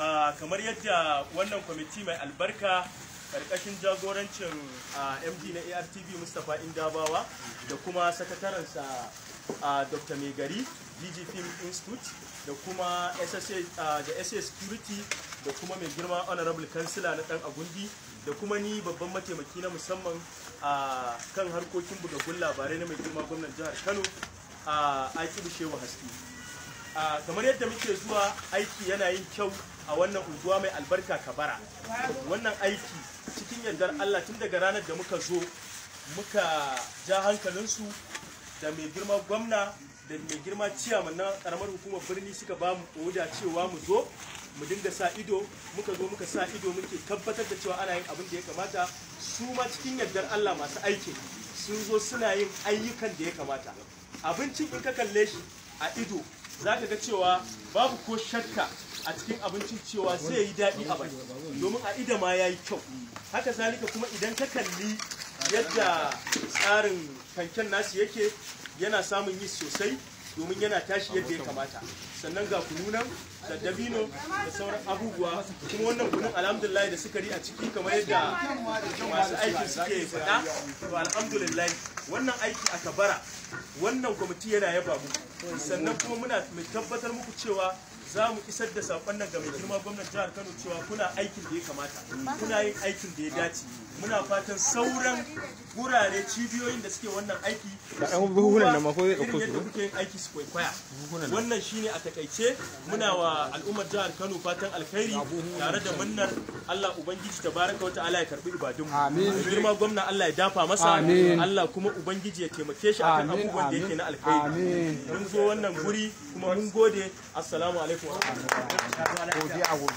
Ah, kamar yadda wannan kwamiti mai albarka karkashin jagorancin ah, md na artv mustapha indabawa da kuma sakatarensa ah, dr megari dg film institute da kuma ssa da sa security da kuma mai girma honorable kansila na dan agundi da kuma ni babban mataimaki na musamman a kan harkokin bugagun labarai na mai girma gwamnan jihar kano a aiki shehu haske kamar yadda muke zuwa aiki yana yin kyau a wannan unguwa mai albarka kabara wannan aiki cikin yardar allah tun daga ranar da muka zo muka ja hankalinsu da mai girma gwamna da mai girma ciyaman na karamar hukumar birni suka ba mu oda cewa mu zo mu dinga sa ido muka zo muka sa ido muke tabbatar da cewa ana yin abin da ya kamata su ma cikin yardar allah masu aiki sun zo suna yin ayyukan da ya kamata abincin in ka kalle shi a ido za ka ga cewa babu ko shakka a cikin abincin cewa zai yi daɗi a baki domin a ida ma ya yi kyau haka zalika kuma idan ka kalli yadda tsarin kanken nasu yake yana samun yi sosai domin yana tashi yadda ya kamata sannan ga kununan da dabino da sauran abubuwa kuma wannan kunun alhamdulillah da sukari a ciki kamar yadda masu aikin suke faɗa to alhamdulillah wannan aiki aka bara wannan kwamiti yana yaba muku sannan kuma muna mai tabbatar muku cewa za mu isar da saƙon nan ga mai girma gwamnan jihar Kano cewa kuna aikin da ya kamata kuna yin aikin da ya dace muna fatan sauran gurare cibiyoyin da suke wannan aiki da an buhunan nan mako zai dauko su kuke aiki su kwaikwaya wannan shine a takaice muna wa al'ummar jihar Kano fatan alkhairi tare da munnar Allah ubangiji tabaraka wata ala ya karbi ibadun mu amin girma gwamna Allah ya dafa masa Allah kuma ubangiji ya taimake shi akan abubuwan da yake na alkhairi mun zo wannan guri kuma mun gode assalamu alaikum godiya